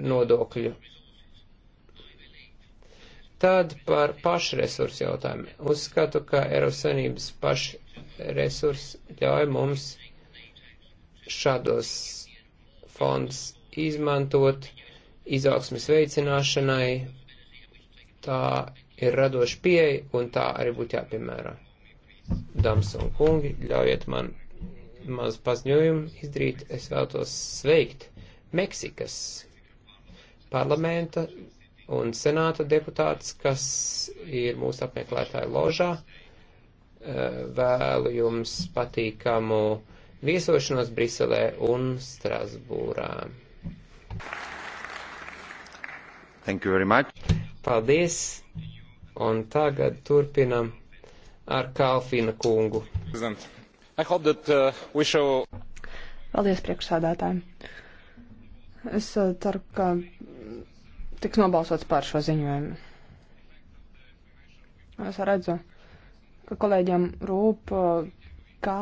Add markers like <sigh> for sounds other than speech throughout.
nodokļu. Tad par pašresursu jautājumu. Uzskatu, ka Eiropas Savienības pašresurs ļauj mums šādos fonds izmantot izaugsmes veicināšanai. Tā ir radoša pieeja un tā arī būtu jāpiemērā. Dāmas un kungi, ļaujiet man mazu paziņojumu izdarīt. Es vēlos sveikt Meksikas parlamenta un senāta deputāts, kas ir mūsu apmeklētāju ložā. Eh, vēlu jums patīkamu viesošanos Briselē un Strasbūrā. Thank you very much. Paldies. Un tagad turpinam ar Kalfina kungu. That, uh, shall... Paldies priekšsādātājiem. Es uh, ceru, ka tiks nobalsots par šo ziņojumu. Es redzu, ka kolēģiem rūp, kā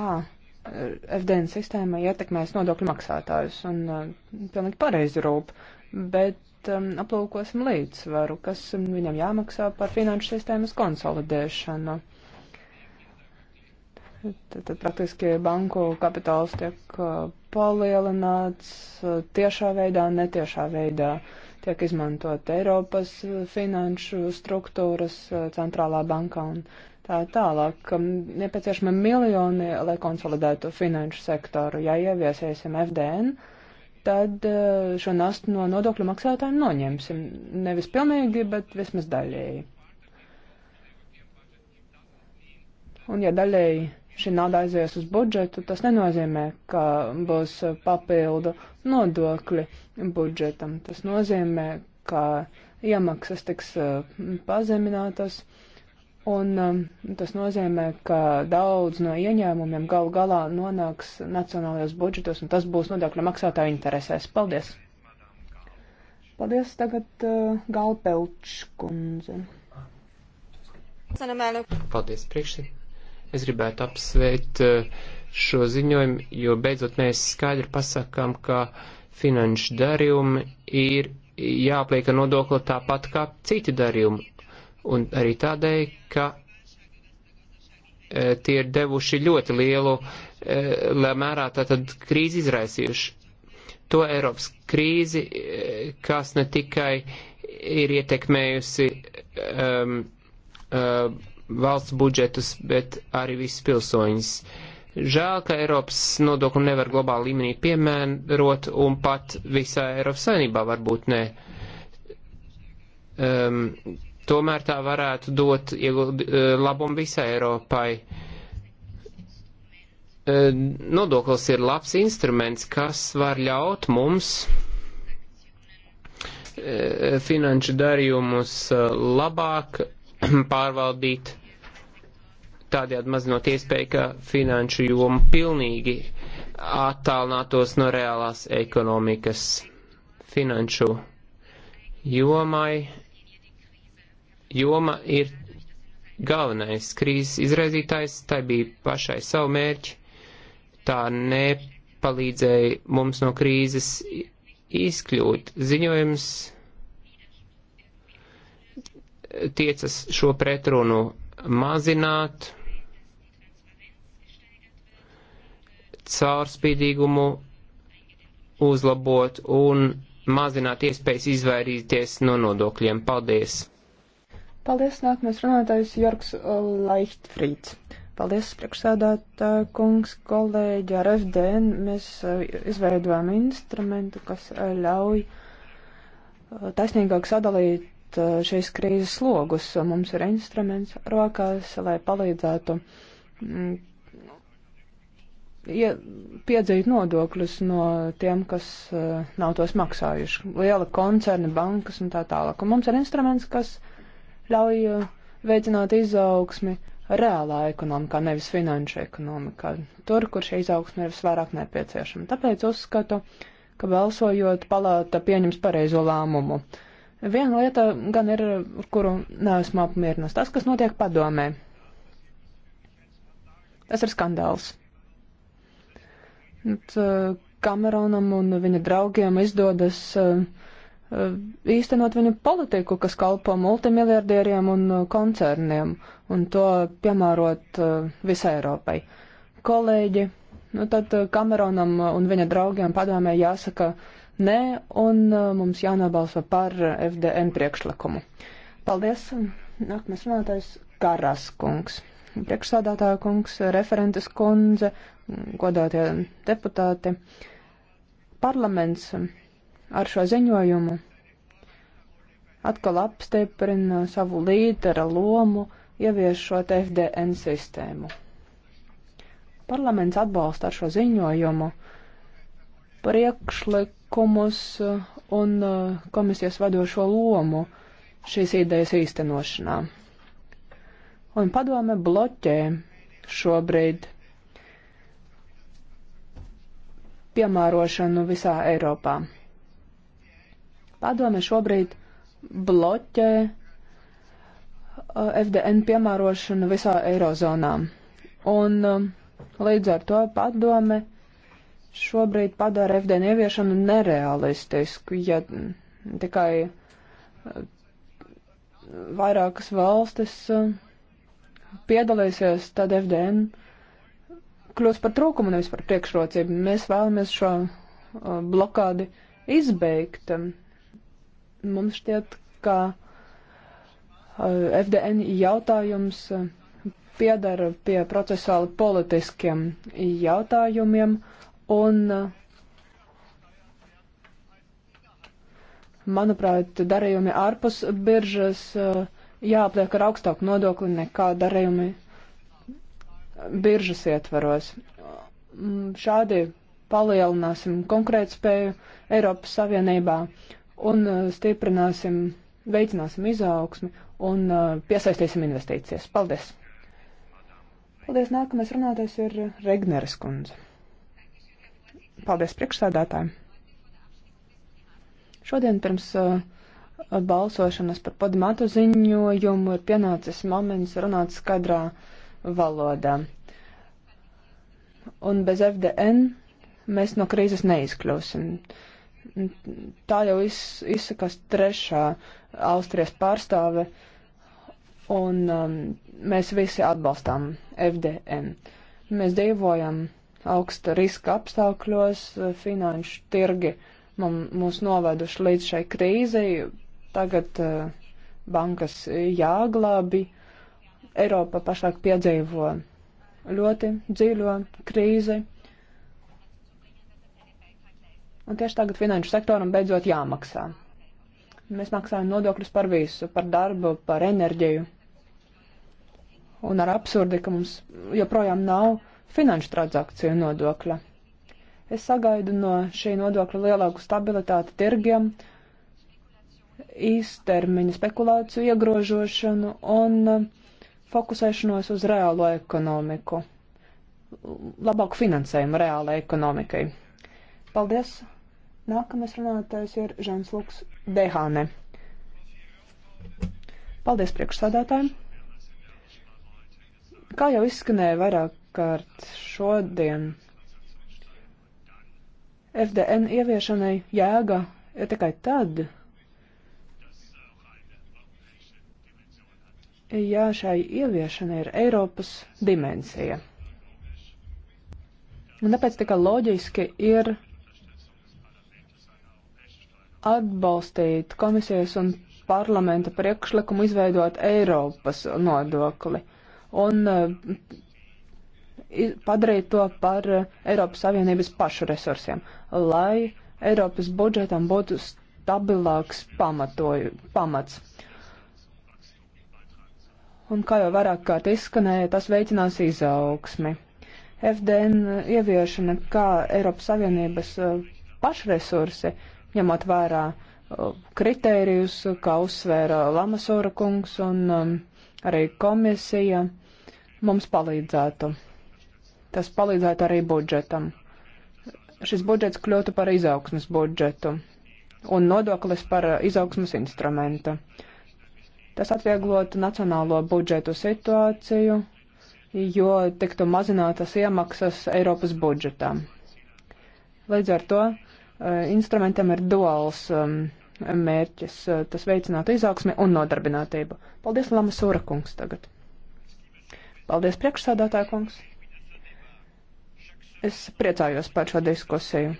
FDN sistēma ietekmēs nodokļu maksātājus, un eh, pilnīgi pareizi rūp, bet um, aplūkosim līdzsvaru, kas viņam jāmaksā par finanšu sistēmas konsolidēšanu. Tad, tad praktiski banku kapitāls tiek eh, palielināts eh, tiešā veidā, netiešā veidā. Uh, tiek izmantot Eiropas eh, finanšu struktūras eh, centrālā bankā un tā tālāk. Nepieciešami miljoni, lai konsolidētu finanšu sektoru. Ja ieviesiesim FDN, tad eh, šo nastu no nodokļu maksātājiem noņemsim. Nevis pilnīgi, bet vismaz daļēji. Un ja daļēji šī nauda aizies uz budžetu, tas nenozīmē, ka būs papildu nodokļi budžetam. Tas nozīmē, ka iemaksas tiks uh, pazeminātas, un um, tas nozīmē, ka daudz no ieņēmumiem galu galā nonāks nacionālajos budžetos, un tas būs nodokļu maksātāju interesēs. Paldies! Paldies tagad uh, Galpelčkundze. Paldies priekšsēdētājiem. Es gribētu apsveikt eh, šo ziņojumu, jo beidzot mēs skaidri pasakām, ka finanšu darījumi ir jāplieka nodokli tāpat kā citi darījumi. Un arī tādēļ, ka eh, tie ir devuši ļoti lielu eh, mērā tātad krīzi izraisījuši. To Eiropas krīzi, kas ne tikai ir ietekmējusi um, um, valsts budžetus, bet arī visus pilsoņus. Žēl, ka Eiropas nodokli nevar globāli līmenī piemērot un pat visā Eiropas saimnībā varbūt nē. Um, ehm, tomēr tā varētu dot eh, labumu visai Eiropai. Um, nodoklis ir labs instruments, kas var ļaut mums eh, finanšu darījumus eh, labāk <clears throat> pārvaldīt tādējādi mazinot iespēju, ka finanšu joma pilnīgi attālinātos no reālās ekonomikas. Finanšu jomai joma ir galvenais krīzes izraizītājs, tai bija pašai savu mērķi, tā nepalīdzēja mums no krīzes izkļūt. Ziņojums tiecas šo pretrunu mazināt caurspīdīgumu uzlabot un mazināt iespējas izvairīties no nodokļiem. Paldies! Paldies, nākamais runātājs Jorgs Leichtfrieds. Paldies, priekšsēdētā kungs, kolēģi ar FDN. Mēs eh, izveidojām instrumentu, kas eh, ļauj eh, taisnīgāk sadalīt šīs krīzes slogus. Mums ir instruments rokās, lai palīdzētu mm, ja piedzīt nodokļus no tiem, kas uh, nav tos maksājuši. Liela koncerni, bankas un tā tālāk. Un mums ir instruments, kas ļauj uh, veicināt izaugsmi reālā ekonomikā, nevis finanšu ekonomikā. Tur, kur šī izaugsme ir visvairāk nepieciešama. Tāpēc uzskatu, ka balsojot palāta pieņems pareizo lēmumu. Viena lieta gan ir, ar kuru neesmu apmierināts, tas, kas notiek padomē. Tas ir skandāls Uh, Kameronam un viņa draugiem izdodas uh, uh, īstenot viņa politiku, kas kalpo multimiljardieriem un koncerniem, un to piemērot visai Eiropai. Kolēģi, nu tad Kameronam un viņa draugiem padomē jāsaka nē, un mums jānobalso par FDN priekšlikumu. Paldies! Nākamais runātājs Karaskungs priekšsādātāja kungs, referentes kundze, godātie deputāti. Parlaments ar šo ziņojumu atkal apstiprina savu līdera lomu, ieviešot FDN sistēmu. Parlaments atbalsta ar šo ziņojumu priekšlikumus un uh, komisijas vadošo lomu šīs idejas īstenošanā un padome bloķē šobrīd piemērošanu visā Eiropā. Padome šobrīd bloķē uh, FDN piemērošanu visā Eirozonā. Un um, līdz ar to padome šobrīd padara FDN ieviešanu nerealistisku, ja tikai uh, vairākas valstis uh, piedalīsies, tad FDN kļūs par trūkumu, nevis par priekšrocību. Mēs vēlamies šo uh, blokādi izbeigt. Mums šķiet, ka uh, FDN jautājums uh, piedara pie procesuāli politiskiem jautājumiem un, manuprāt, darījumi ārpus biržas uh, jāpliek ar augstāku nodokli nekā darījumi biržas ietvaros. Mm, šādi palielināsim konkurētspēju Eiropas Savienībā un uh, stiprināsim, veicināsim izaugsmi un uh, piesaistīsim investīcijas. Paldies! Paldies, nākamais runātais ir Regneres kundze. Paldies priekšsēdētājiem! Šodien pirms uh, balsošanas par podmatu ziņojumu ir pienācis moments runāt skaidrā valodā. Un bez FDN mēs no krīzes neizkļūsim. Tā jau iz, izsakās trešā Austrijas pārstāve, un um, mēs visi atbalstām FDN. Mēs dzīvojam augsta riska apstākļos, finanšu tirgi mums, mūs noveduši līdz šai krīzei, Tagad uh, bankas jāglābi. Eiropa pašlaik piedzīvo ļoti dziļo krīzi. Un tieši tagad finanšu sektoram beidzot jāmaksā. Mēs maksājam nodokļus par visu, par darbu, par enerģiju. Un ar absurdi, ka mums joprojām nav finanšu transakciju nodokļa. Es sagaidu no šī nodokļa lielāku stabilitāti tirgiem, uh, īstermiņa spekulāciju iegrožošanu un uh, fokusēšanos uz reālo ekonomiku, labāku finansējumu reālai ekonomikai. Paldies! Nākamais runātājs ir Žans Luks Dehāne. Paldies priekšsādātājiem! Kā jau izskanēja vairāk kārt šodien, FDN ieviešanai jēga ir tikai tad, ja šai ieviešana ir Eiropas dimensija. Un tāpēc tikai loģiski ir atbalstīt komisijas un parlamenta priekšlikumu izveidot Eiropas nodokli un eh, padarīt to par eh, Eiropas Savienības pašu resursiem, lai Eiropas budžetam būtu stabilāks pamatoju, pamats un, kā jau vairāk kārt izskanēja, tas veicinās izaugsmi. FDN ieviešana kā Eiropas Savienības uh, pašresursi, ņemot vērā uh, kritērijus, kā uzsvēra Lamasūra kungs un um, arī komisija, mums palīdzētu. Tas palīdzētu arī budžetam. Šis budžets kļūtu par izaugsmas budžetu un nodoklis par uh, izaugsmas instrumentu. Uh, Tas atvieglotu nacionālo budžetu situāciju, jo tiktu mazinātas iemaksas Eiropas budžetā. Līdz ar to eh, instrumentam ir duāls um, mērķis. Eh, tas veicinātu izaugsmi un nodarbinātību. Paldies, Lama Sūra kungs tagad. Paldies, priekšsādātāja kungs. Es priecājos par šo diskusiju.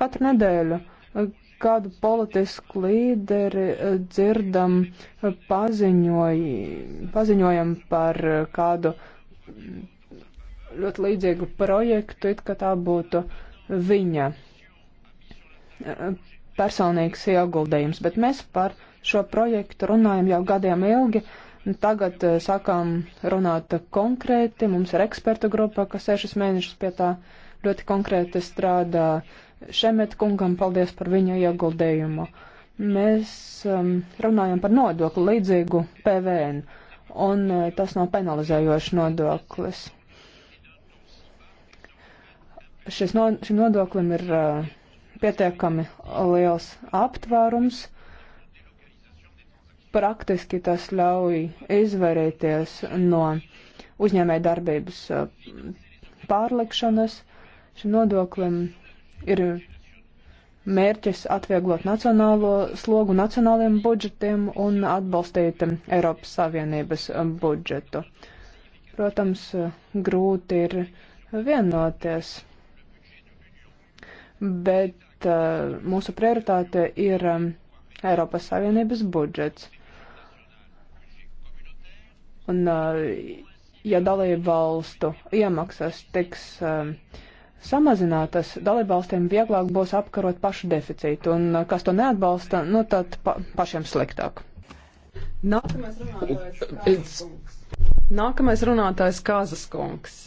Katru nedēļu eh, kādu politisku līderi eh, dzirdam, eh, paziņoj, paziņojam par eh, kādu ļoti līdzīgu projektu, it kā tā būtu viņa personīgs ieguldījums, bet mēs par šo projektu runājam jau gadiem ilgi. Tagad sākām runāt konkrēti, mums ir eksperta grupa, kas sešas mēnešus pie tā ļoti konkrēti strādā. Uh, Šemet kungam paldies par viņa ieguldījumu. Mēs um, runājam par nodokli līdzīgu PVN, un uh, tas nav penalizējošs nodoklis. Šis no, šim nodoklim ir uh, pietiekami liels aptvērums. Praktiski tas ļauj izvairīties no uzņēmē darbības uh, pārlikšanas. Šim nodoklim Ir mērķis atvieglot nacionālo slogu nacionāliem budžetiem un atbalstīt Eiropas Savienības budžetu. Protams, grūti ir vienoties, bet uh, mūsu prioritāte ir um, Eiropas Savienības budžets. Un, uh, ja dalību valstu iemaksas tiks uh, samazinātas, dalībvalstīm vieglāk būs apkarot pašu deficītu, un uh, kas to neatbalsta, nu tad pa, pašiem sliktāk. Nākamais runātājs Kāzas kungs. Nākamais runātājs Kāzas kungs.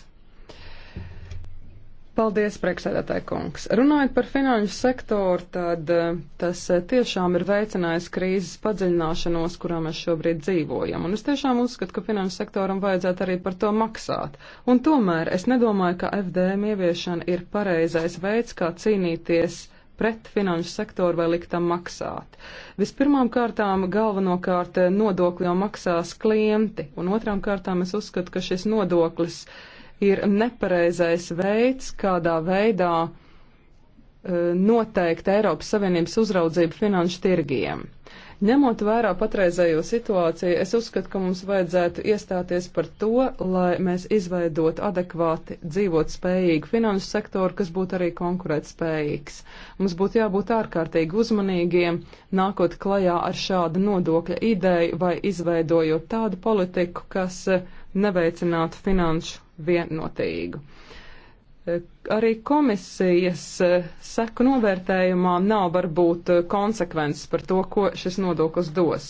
Paldies, priekšsēdētāji kungs. Runājot par finanšu sektoru, tad eh, tas eh, tiešām ir veicinājis krīzes padziļināšanos, kurā mēs šobrīd dzīvojam. Un es tiešām uzskatu, ka finanšu sektoram vajadzētu arī par to maksāt. Un tomēr es nedomāju, ka FDM ieviešana ir pareizais veids, kā cīnīties pret finanšu sektoru vai liktam maksāt. Vispirmām kārtām galvenokārt eh, nodokli jau maksās klienti, un otrām kārtām es uzskatu, ka šis nodoklis uh, ir nepareizais veids, kādā veidā eh, noteikt Eiropas Savienības uzraudzību finanšu tirgiem. Ņemot vērā patreizējo situāciju, es uzskatu, ka mums vajadzētu iestāties par to, lai mēs izveidotu adekvāti dzīvot spējīgu finanšu sektoru, kas būtu arī konkurētspējīgs. Mums būtu jābūt ārkārtīgi uzmanīgiem, nākot klajā ar šādu nodokļa ideju vai izveidojot tādu politiku, kas eh, neveicinātu finanšu vienotīgu. Arī komisijas eh, seku novērtējumā nav varbūt eh, konsekvences par to, ko šis nodoklis dos.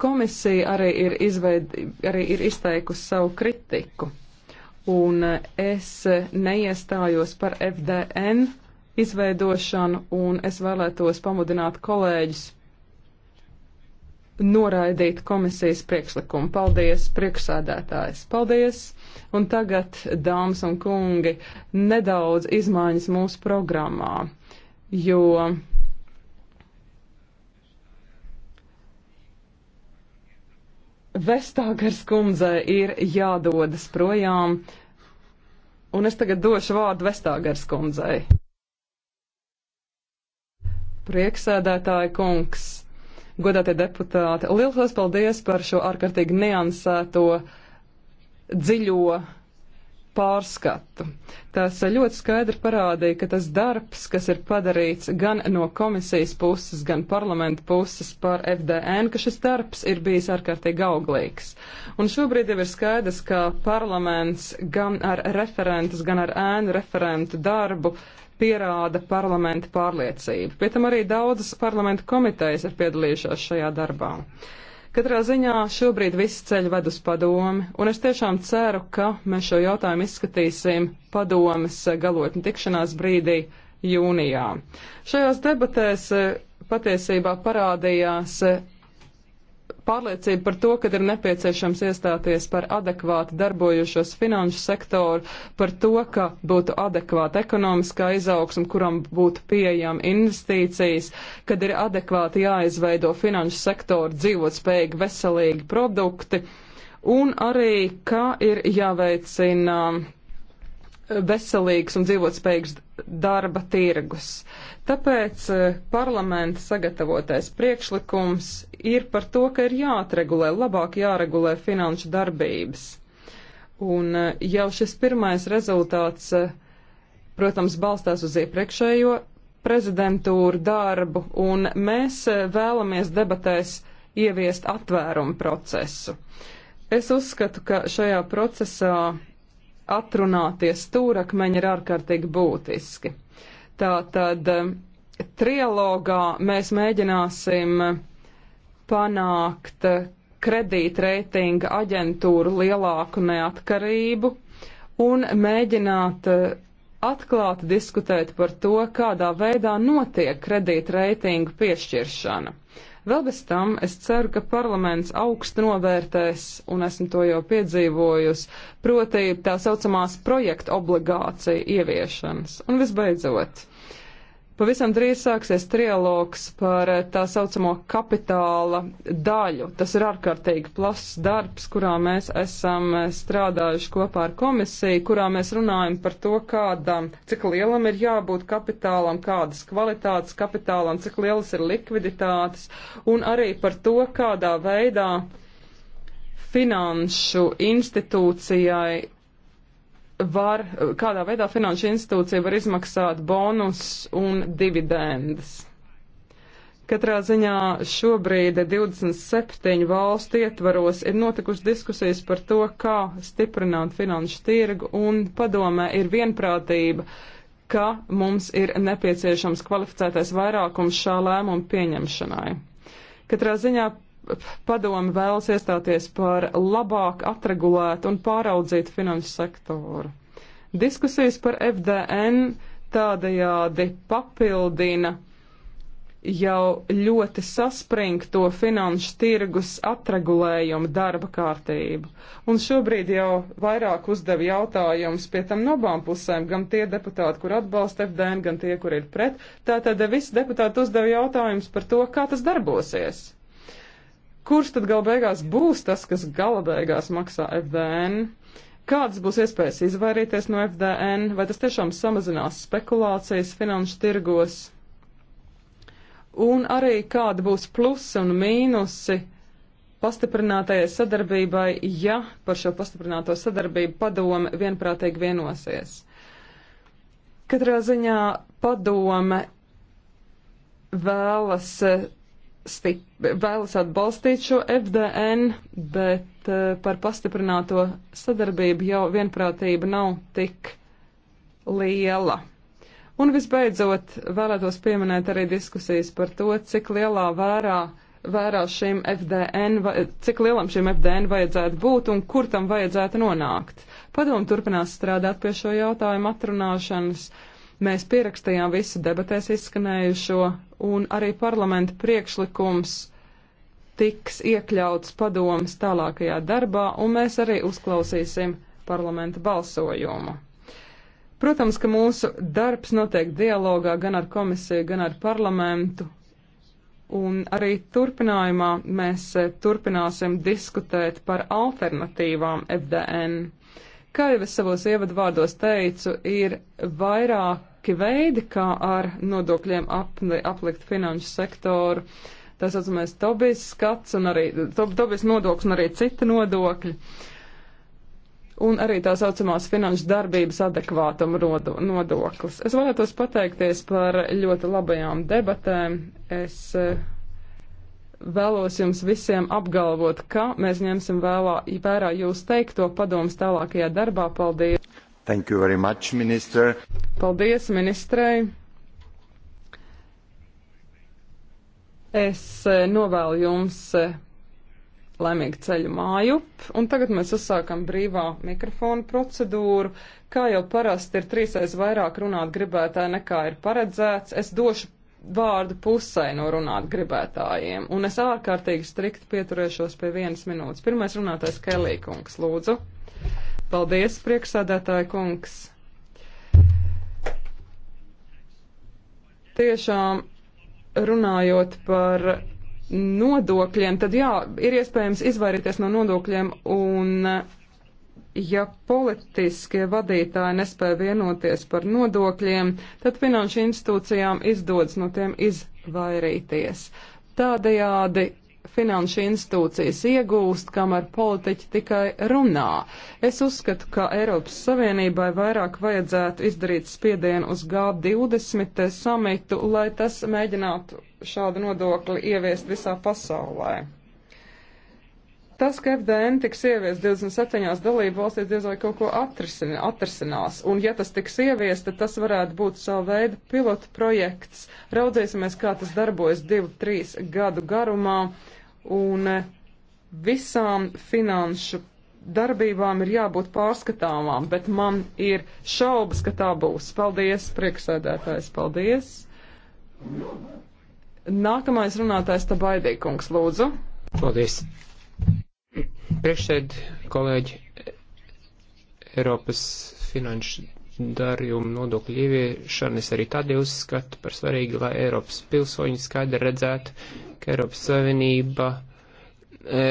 Komisija arī ir, izveid, arī ir izteikusi savu kritiku, un eh, es neiestājos par FDN izveidošanu, un es vēlētos pamudināt kolēģis noraidīt komisijas priekšlikumu. Paldies, priekšsādātājs, paldies! Un tagad, dāmas un kungi, nedaudz izmaiņas mūsu programmā, jo Vestāgars kundze ir jādodas projām, un es tagad došu vārdu Vestāgars kundzei. Prieksēdētāja kungs, godātie deputāti. Lielas paldies par šo ārkārtīgi niansēto dziļo pārskatu. Tas ļoti skaidri parādīja, ka tas darbs, kas ir padarīts gan no komisijas puses, gan parlamenta puses par FDN, ka šis darbs ir bijis ārkārtīgi auglīgs. Un šobrīd jau ir skaidrs, ka parlaments gan ar referentus, gan ar ēnu referentu darbu pierāda parlamenta pārliecību. Pie tam arī daudzas parlamenta komitejas ir piedalījušās šajā darbā. Katrā ziņā šobrīd viss ceļ ved uz padomi, un es tiešām ceru, ka mēs šo jautājumu izskatīsim padomes galotni tikšanās brīdī jūnijā. Šajās debatēs eh, patiesībā parādījās eh, pārliecība par to, ka ir nepieciešams iestāties par adekvāti darbojušos finanšu sektoru, par to, ka būtu adekvāta ekonomiskā izaugsma, kuram būtu pieejama investīcijas, kad ir adekvāti jāizveido finanšu sektoru dzīvotspējīgi veselīgi produkti, un arī, ka ir jāveicina veselīgs un dzīvotspējīgs darba tirgus. Tāpēc eh, parlamenta sagatavotais priekšlikums ir par to, ka ir jāatregulē, labāk jāregulē finanšu darbības. Un eh, jau šis pirmais rezultāts, eh, protams, balstās uz iepriekšējo prezidentūru darbu, un mēs vēlamies debatēs ieviest atvērumu procesu. Es uzskatu, ka šajā procesā atrunāties stūrakmeņi ir ārkārtīgi būtiski. Tātad um, trilogā mēs mēģināsim um, panākt uh, kredītreitinga aģentūru lielāku neatkarību un mēģināt uh, atklāti diskutēt par to, kādā veidā notiek kredītreitingu piešķiršana. Vēl bez tam es ceru, ka parlaments augstu novērtēs, un esmu to jau piedzīvojusi, proti tā saucamās projekta obligācija ieviešanas. Un visbeidzot. Pavisam drīz sāksies trialogs par eh, tā saucamo kapitāla daļu. Tas ir ārkārtīgi plašs darbs, kurā mēs esam eh, strādājuši kopā ar komisiju, kurā mēs runājam par to, kādam, cik lielam ir jābūt kapitālam, kādas kvalitātes kapitālam, cik lielas ir likviditātes, un arī par to, kādā veidā finanšu institūcijai var, kādā veidā finanšu institūcija var izmaksāt bonus un dividendes. Katrā ziņā šobrīd 27 valstu ietvaros ir notikušas diskusijas par to, kā stiprināt finanšu tirgu, un padomē ir vienprātība, ka mums ir nepieciešams kvalificētais vairākums šā lēmuma pieņemšanai. Katrā ziņā padomi vēlas iestāties par labāk atregulētu un pāraudzītu finanšu sektoru. Diskusijas par FDN tādajādi papildina jau ļoti saspringto finanšu tirgus atregulējumu darba kārtību. Un šobrīd jau vairāk uzdev jautājums pie tam nobām pusēm, gan tie deputāti, kur atbalsta FDN, gan tie, kur ir pret. Tātad visi deputāti uzdev jautājums par to, kā tas darbosies. Kurš tad gal beigās būs tas, kas gala beigās maksā FDN? Kādas būs iespējas izvairīties no FDN? Vai tas tiešām samazinās spekulācijas finanšu tirgos? Un arī kāda būs plusi un mīnusi pastiprinātajai sadarbībai, ja par šo pastiprināto sadarbību padome vienprātīgi vienosies? Katrā ziņā padome vēlas eh, vēlas atbalstīt šo FDN, bet uh, par pastiprināto sadarbību jau vienprātība nav tik liela. Un visbeidzot, vēlētos pieminēt arī diskusijas par to, cik lielā vērā, vērā šim FDN, cik lielam šim FDN vajadzētu būt un kur tam vajadzētu nonākt. Padomu turpinās strādāt pie šo jautājumu atrunāšanas. Uh, Mēs pierakstījām visu debatēs izskanējušo, un arī parlamenta priekšlikums tiks iekļauts padomas tālākajā darbā, un mēs arī uzklausīsim parlamenta balsojumu. Protams, ka mūsu darbs notiek dialogā gan ar komisiju, gan ar parlamentu, un arī turpinājumā mēs eh, turpināsim diskutēt par alternatīvām FDN. Kā jau es savos ievadvārdos teicu, ir vairāki veidi, kā ar nodokļiem apli, aplikt finanšu sektoru. Tā saucamais Tobijas skats un arī to, Tobijas nodoklis un arī citi nodokļi. Un arī tā saucamās finanšu darbības adekvātuma nodoklis. Es vēlētos pateikties par ļoti labajām debatēm. Es, uh, Vēlos jums visiem apgalvot, ka mēs ņemsim vēlā, vērā jūs teikto padomus tālākajā darbā. Paldies! Thank you very much, minister. Paldies ministrei! Es e, novēlu jums e, laimīgu ceļu mājup, un tagad mēs uzsākam brīvā mikrofona procedūru. Kā jau parasti ir trīsreiz vairāk runāt gribētāji nekā ir paredzēts, es došu vārdu pusē no runāt gribētājiem, un es ārkārtīgi strikt pieturēšos pie vienas minūtes. Pirmais runātais Kelī kungs, lūdzu. Paldies, prieksādētāja kungs. Tiešām runājot par nodokļiem, tad jā, ir iespējams izvairīties no nodokļiem un ja politiskie vadītāji nespēja vienoties par nodokļiem, tad finanšu institūcijām izdodas no tiem izvairīties. Tādējādi finanšu institūcijas iegūst, kamēr politiķi tikai runā. Es uzskatu, ka Eiropas Savienībai vairāk vajadzētu izdarīt spiedienu uz G20 samitu, lai tas mēģinātu šādu nodokli ieviest visā pasaulē. Tas, ka FDN tiks ievies 27 dalību valstīs, diez vai kaut ko atrisinās. Un, ja tas tiks ievies, tad tas varētu būt savu veidu pilotu projekts. Raudzēsimies, kā tas darbojas 2-3 gadu garumā. Un eh, visām finanšu darbībām ir jābūt pārskatāmām, bet man ir šaubas, ka tā būs. Paldies, prieksēdētājs, paldies. Nākamais runātājs Tabaidīkungs, lūdzu. Paldies. Priekšsēd, kolēģi, Eiropas finanšu darījumu nodokļu ieviešanu es arī tādēļ uzskatu par svarīgi, lai Eiropas pilsoņi skaidri redzētu, ka Eiropas Savienība e,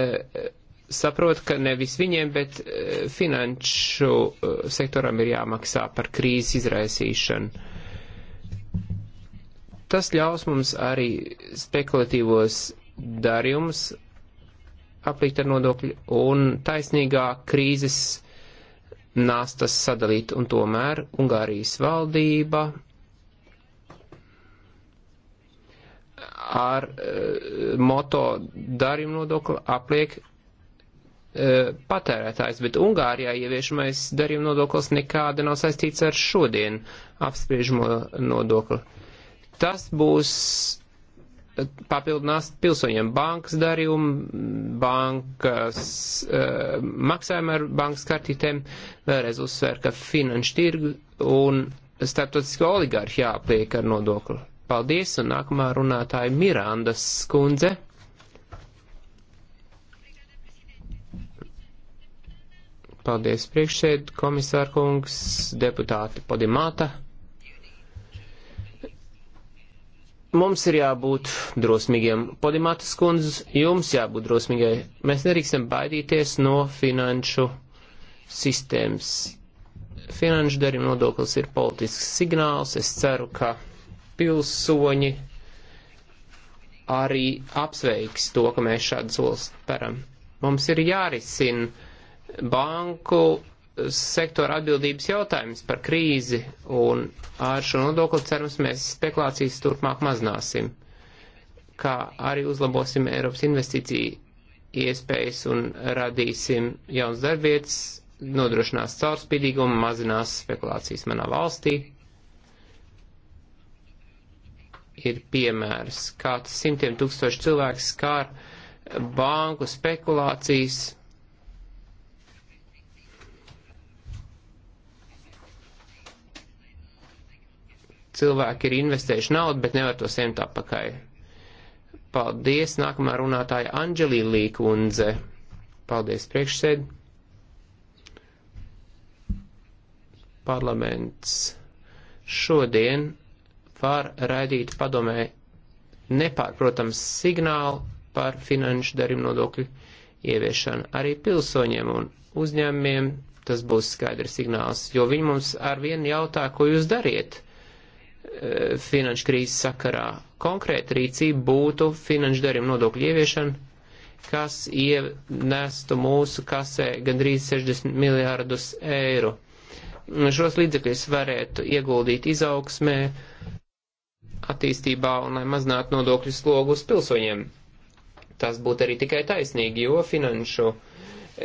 saprot, ka nevis viņiem, bet e, finanšu e, sektoram ir jāmaksā par krīzes izraisīšanu. Tas ļaus mums arī spekulatīvos darījumus aplikt ar nodokļu un taisnīgā krīzes nastas sadalīt, un tomēr Ungārijas valdība ar uh, moto darījuma nodokli apliek uh, patērētājs, bet Ungārijā ieviešamais darījuma nodoklis nekāda nav saistīts ar šodien apspriežamo nodokli. Tas būs papildinās pilsoņiem bankas darījumi, bankas uh, maksājumi ar bankas kartītēm, vēlreiz uzsver, ka finanšu tirgu un starptautisko oligārhi jāpliek ar nodokli. Paldies, un nākamā runātāja Mirandas skundze. Paldies, priekšsēd, komisārkungs, deputāti Podimāta. Mums ir jābūt drosmīgiem. Podimātas kundze, jums jābūt drosmīgai. Mēs nerīkstam baidīties no finanšu sistēmas. Finanšu darījuma nodoklis ir politisks signāls. Es ceru, ka pilsoņi arī apsveiks to, ka mēs šādu solis param. Mums ir jārisina banku sektora atbildības jautājums par krīzi, un ar šo nodokli cerams mēs spekulācijas turpmāk maznāsim, kā arī uzlabosim Eiropas investīciju iespējas un radīsim jauns darbvietas, nodrošinās caurspīdīgumu, mazinās spekulācijas manā valstī. Ir piemērs, kā tas simtiem tūkstoši cilvēku skār banku spekulācijas cilvēki ir investējuši naudu, bet nevar to saņemt apakai. Paldies, nākamā runātāja Anģelī Līkundze. Paldies, priekšsēd. Parlaments šodien var raidīt padomē nepārprotams signālu par finanšu darījumu nodokļu ieviešanu arī pilsoņiem un uzņēmumiem. Tas būs skaidrs signāls, jo viņi mums ar vienu jautā, ko jūs dariet. E, finanšu krīzes sakarā. Konkrēta rīcība būtu finanšu darījuma nodokļu ieviešana, kas ienestu mūsu kasē gandrīz 60 miljārdus eiro. Šos līdzekļus varētu ieguldīt izaugsmē, attīstībā un lai mazinātu nodokļu slogu uz pilsoņiem. Tas būtu arī tikai taisnīgi, jo finanšu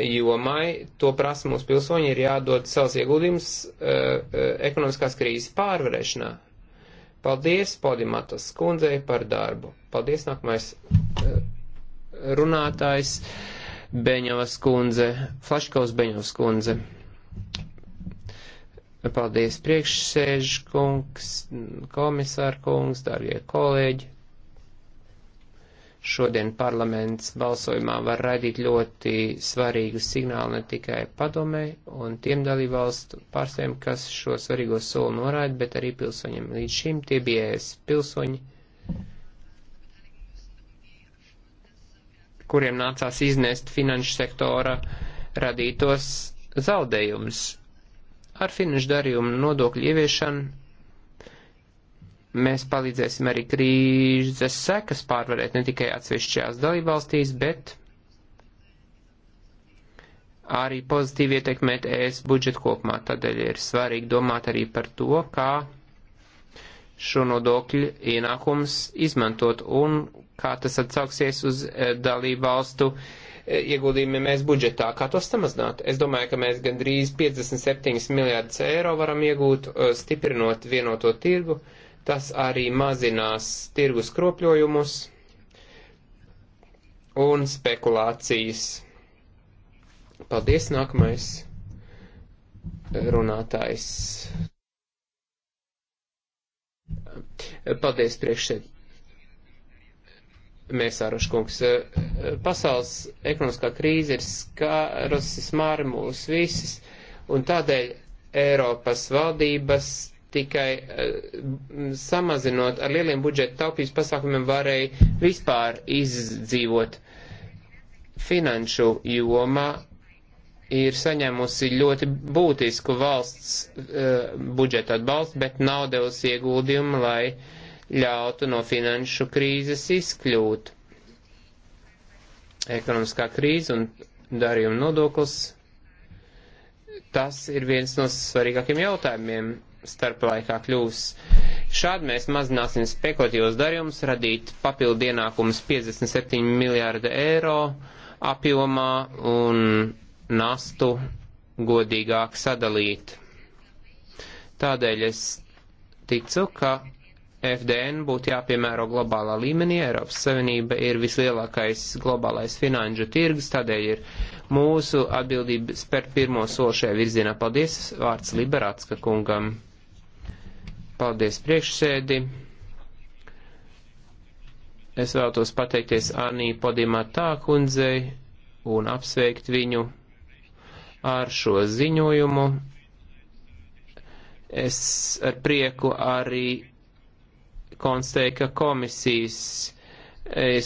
jomai to prasa mūsu pilsoņi ir jādod savus ieguldījumus uh, uh, ekonomiskās krīzes pārvarēšanā. Paldies Podimatas kundzei par darbu. Paldies nākamais eh, runātājs Beņovas kundze, Flaškovs Beņovas kundze. Paldies priekšsēžu kungs, komisāru kungs, darbie kolēģi. Šodien parlaments balsojumā var radīt ļoti svarīgu signālu ne tikai padomē un tiem dalībvalstu pārstāvjiem, kas šo svarīgo soli noraida, bet arī pilsoņiem. Līdz šim tie bija es pilsoņi, kuriem nācās iznest finanšu sektora radītos zaudējumus. Ar finanšu darījumu nodokļu ieviešanu Mēs palīdzēsim arī krīzes sekas pārvarēt ne tikai atsevišķajās dalībvalstīs, bet arī pozitīvi ietekmēt ES budžetu kopumā. Tādēļ ir svarīgi domāt arī par to, kā šo nodokļu ienākums izmantot un kā tas atsauksies uz e, dalībvalstu e, ieguldījumiem mēs budžetā, kā to samazināt. Es domāju, ka mēs gandrīz 57 miljārdus eiro varam iegūt, e, stiprinot vienoto tirgu. Uh, Tas arī mazinās tirgus kropļojumus un spekulācijas. Paldies, nākamais runātājs. Paldies, priekšsēd. Mēs, Āroškungs, pasaules ekonomiskā krīze ir skārusi smāri mūs visus, un tādēļ Eiropas valdības tikai eh, samazinot ar lieliem budžeta taupības pasākumiem varēja vispār izdzīvot. Finanšu joma ir saņēmusi ļoti būtisku valsts uh, budžeta atbalstu, bet nav devusi ieguldījumu, lai ļautu no finanšu krīzes izkļūt. Ekonomiskā krīze un darījuma nodoklis. Tas ir viens no svarīgākiem jautājumiem starplaikā kļūs. Šādi mēs mazināsim spekulatīvos darījumus, radīt papildu ienākumus 57 miljārdu eiro apjomā un nastu godīgāk sadalīt. Tādēļ es ticu, ka FDN būtu jāpiemēro globālā līmenī. Eiropas Savienība ir vislielākais globālais finanšu tirgus, tādēļ ir mūsu atbildība spērt pirmo soli šajā virzienā. Paldies, vārds Liberātska kungam. Paldies priekšsēdi. Es vēlētos pateikties Anī Podimatā kundzei un apsveikt viņu ar šo ziņojumu. Es ar prieku arī konstatēju, ka komisijas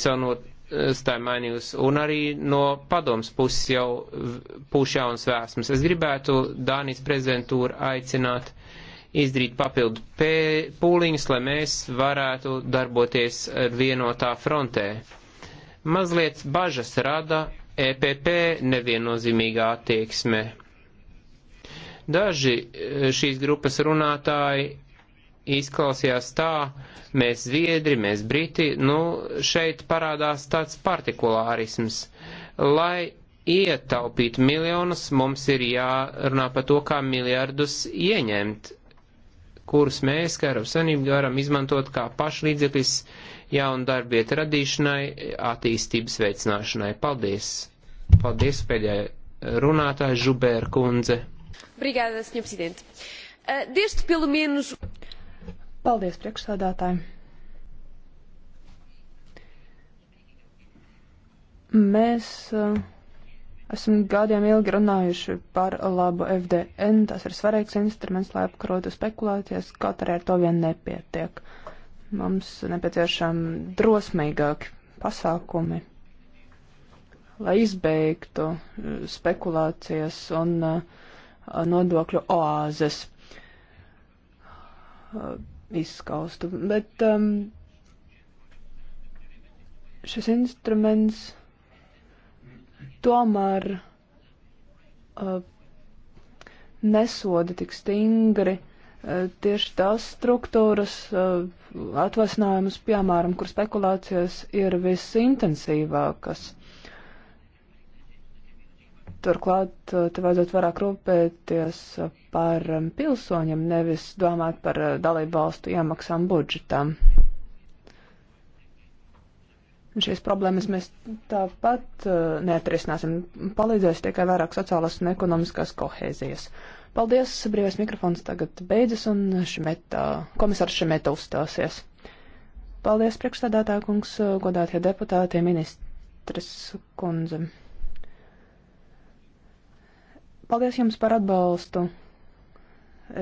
savu nostāju mainījusi un arī no padoms puses jau pūš jaunas vēsmas. Es gribētu Dānijas prezidentūru aicināt izdarīt papildu pūliņus, lai mēs varētu darboties vienotā frontē. Mazliet bažas rada EPP neviennozīmīgā attieksme. Daži e, šīs grupas runātāji izklausījās tā, mēs zviedri, mēs briti, nu, šeit parādās tāds partikulārisms. Lai ietaupītu miljonus, mums ir jārunā par to, kā miljardus ieņemt kurus mēs, kā Eiropas Savienība, varam izmantot kā pašlīdzeklis jaunu darbvietu radīšanai, attīstības veicināšanai. Paldies! Paldies pēdējai runātāji Žubēra kundze. Brigāda, senjor prezident. Uh, eh, Deste pelo menos. Paldies, priekšsādātāji. Mēs. Uh, Esam gadiem ilgi runājuši par labu FDN. Tas ir svarīgs instruments, lai apkarotu spekulācijas, kaut arī ar to vien nepietiek. Mums nepieciešami drosmīgāki pasākumi, lai izbeigtu eh, spekulācijas un eh, nodokļu oāzes eh, izskaustu. Bet um, šis instruments tomēr uh, nesoda tik stingri uh, tieši tās struktūras uh, atvasinājumus, piemēram, kur spekulācijas ir visintensīvākas. Turklāt uh, te vajadzētu vairāk rūpēties uh, par um, pilsoņiem, nevis domāt par uh, dalību valstu iemaksām budžetam. Šīs problēmas mēs tāpat uh, neatrisināsim. Palīdzēs tikai vairāk sociālās un ekonomiskās kohēzijas. Paldies, brīvais mikrofons tagad beidzas un šimeta, komisārs Šemeta uzstāsies. Paldies, priekšstādātā kungs, godātie deputātie, ministres kundze. Paldies jums par atbalstu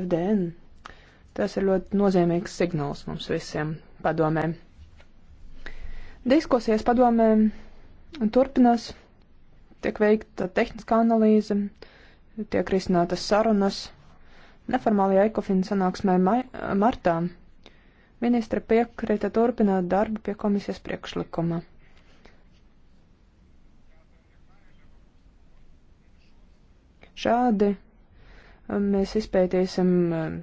FDN. Tas ir ļoti nozīmīgs signāls mums visiem padomēm. Diskusijas padomē turpinās, tiek veikta tehniskā analīze, tiek risinātas sarunas. Neformālajā ekofina sanāksmē martā ministre piekrita turpināt darbu pie komisijas priekšlikuma. Šādi um, mēs izpētīsim um,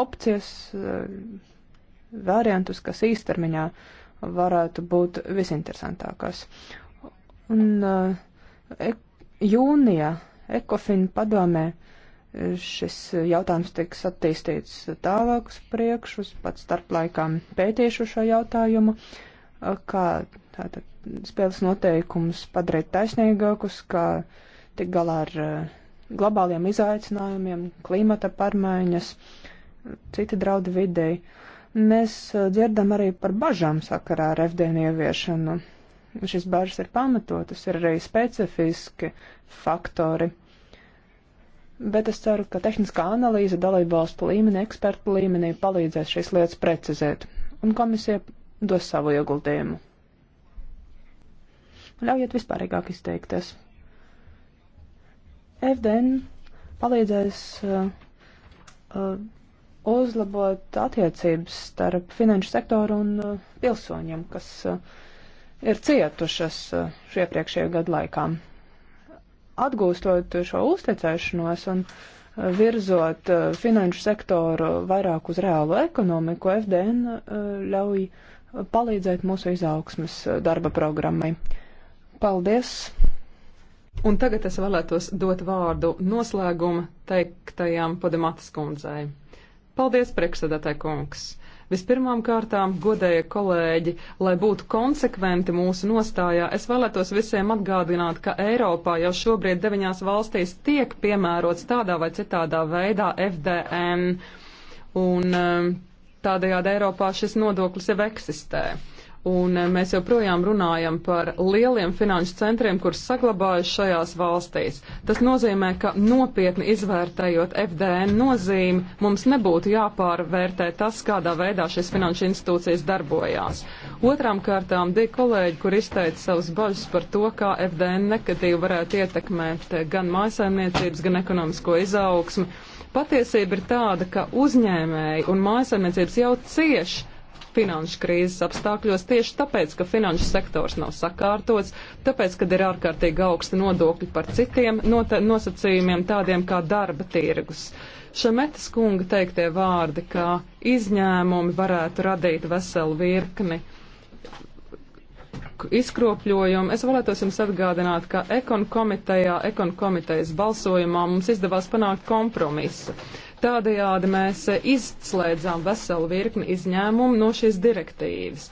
opcijas, um, variantus, kas īstermiņā varētu būt visinteresantākās. Un uh, e jūnija Ekofin padomē uh, šis jautājums tiks attīstīts tālāk uz priekšu, pat starp laikām pētīšu šo jautājumu, uh, kā tātad spēles noteikumus padarīt taisnīgākus, kā tik galā ar globāliem izaicinājumiem, klimata pārmaiņas, citi draudi videi. Uh, Mēs uh, dzirdam arī par bažām sakarā ar FDN ieviešanu. Šis bažas ir pamatotas, ir arī specifiski faktori. Bet es ceru, ka tehniskā analīze dalībvalstu līmenī, ekspertu līmenī palīdzēs šīs lietas precizēt, un komisija dos savu ieguldījumu. Ļaujiet vispārīgāk izteikties. FDN palīdzēs uh, uh, uzlabot attiecības starp finanšu sektoru un uh, pilsoņiem, kas uh, ir cietušas uh, iepriekšējo gadu laikā. Atgūstot šo uzticēšanos un uh, virzot uh, finanšu sektoru vairāk uz reālu ekonomiku, FDN uh, ļauj palīdzēt mūsu izaugsmas darba programmai. Paldies! Un tagad es vēlētos dot vārdu noslēguma teiktajām Podematas kundzei. Paldies, priekšsēdētāji kungs! Vispirmām kārtām, godēja kolēģi, lai būtu konsekventi mūsu nostājā, es vēlētos visiem atgādināt, ka Eiropā jau šobrīd deviņās valstīs tiek piemērots tādā vai citādā veidā FDN, un um, tādējādi Eiropā šis nodoklis jau eksistē un eh, mēs joprojām runājam par lieliem finanšu centriem, kurus saglabājuši šajās valstīs. Tas nozīmē, ka nopietni izvērtējot FDN nozīmi, mums nebūtu jāpārvērtē tas, kādā veidā šīs finanšu institūcijas darbojās. Otrām kārtām divi kolēģi, kur izteica savas bažas par to, kā FDN negatīvi varētu ietekmēt eh, gan mājasaimniecības, gan ekonomisko izaugsmu. Patiesība ir tāda, ka uzņēmēji un mājasaimniecības jau cieši finanšu krīzes apstākļos tieši tāpēc, ka finanšu sektors nav sakārtots, tāpēc, kad ir ārkārtīgi augsti nodokļi par citiem nosacījumiem, tādiem kā darba tirgus. Šemetas kunga teiktie vārdi, ka izņēmumi varētu radīt veselu virkni izkropļojumu. Es vēlētos jums atgādināt, ka ekon komitejā, ekon komitejas balsojumā mums izdevās panākt kompromisu. Tādējādi mēs izslēdzām veselu virkni izņēmumu no šīs direktīvas.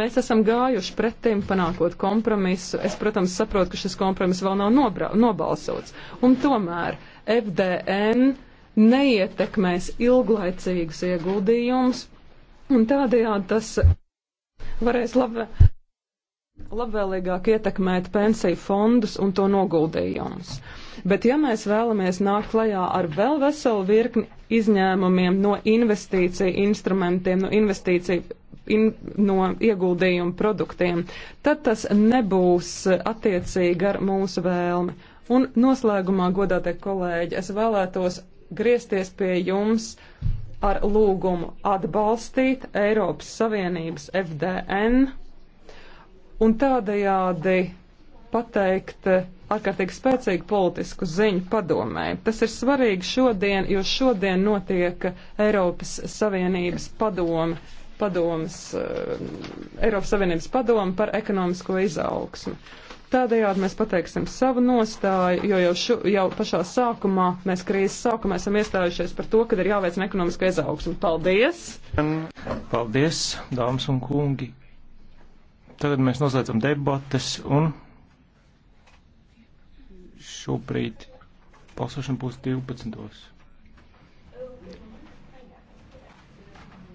Mēs esam gājuši pretim, panākot kompromisu. Es, protams, saprotu, ka šis kompromiss vēl nav nobra, nobalsots. Un tomēr FDN neietekmēs ilglaicīgus ieguldījumus, un tādējādi tas varēs labvē, labvēlīgāk ietekmēt pensiju fondus un to noguldījumus. Bet ja mēs vēlamies nākt klajā ar vēl veselu virkni izņēmumiem no investīciju instrumentiem, no investīciju in, no ieguldījumu produktiem, tad tas nebūs attiecīgi ar mūsu vēlmi. Un noslēgumā, godātie kolēģi, es vēlētos griezties pie jums ar lūgumu atbalstīt Eiropas Savienības FDN un tādējādi pateikt eh, ārkārtīgi spēcīgu politisku ziņu padomē. Tas ir svarīgi šodien, jo šodien notiek Eiropas Savienības padome, padomas, eh, Eiropas Savienības padome par ekonomisko izaugsmu. Tādējādi mēs pateiksim savu nostāju, jo jau, šu, jau pašā sākumā, mēs krīzes sākumā esam iestājušies par to, ka ir jāveicina ekonomiskā izaugsme. Paldies! Paldies, dāmas un kungi! Tagad mēs noslēdzam debates un šobrīd balsošana būs 12.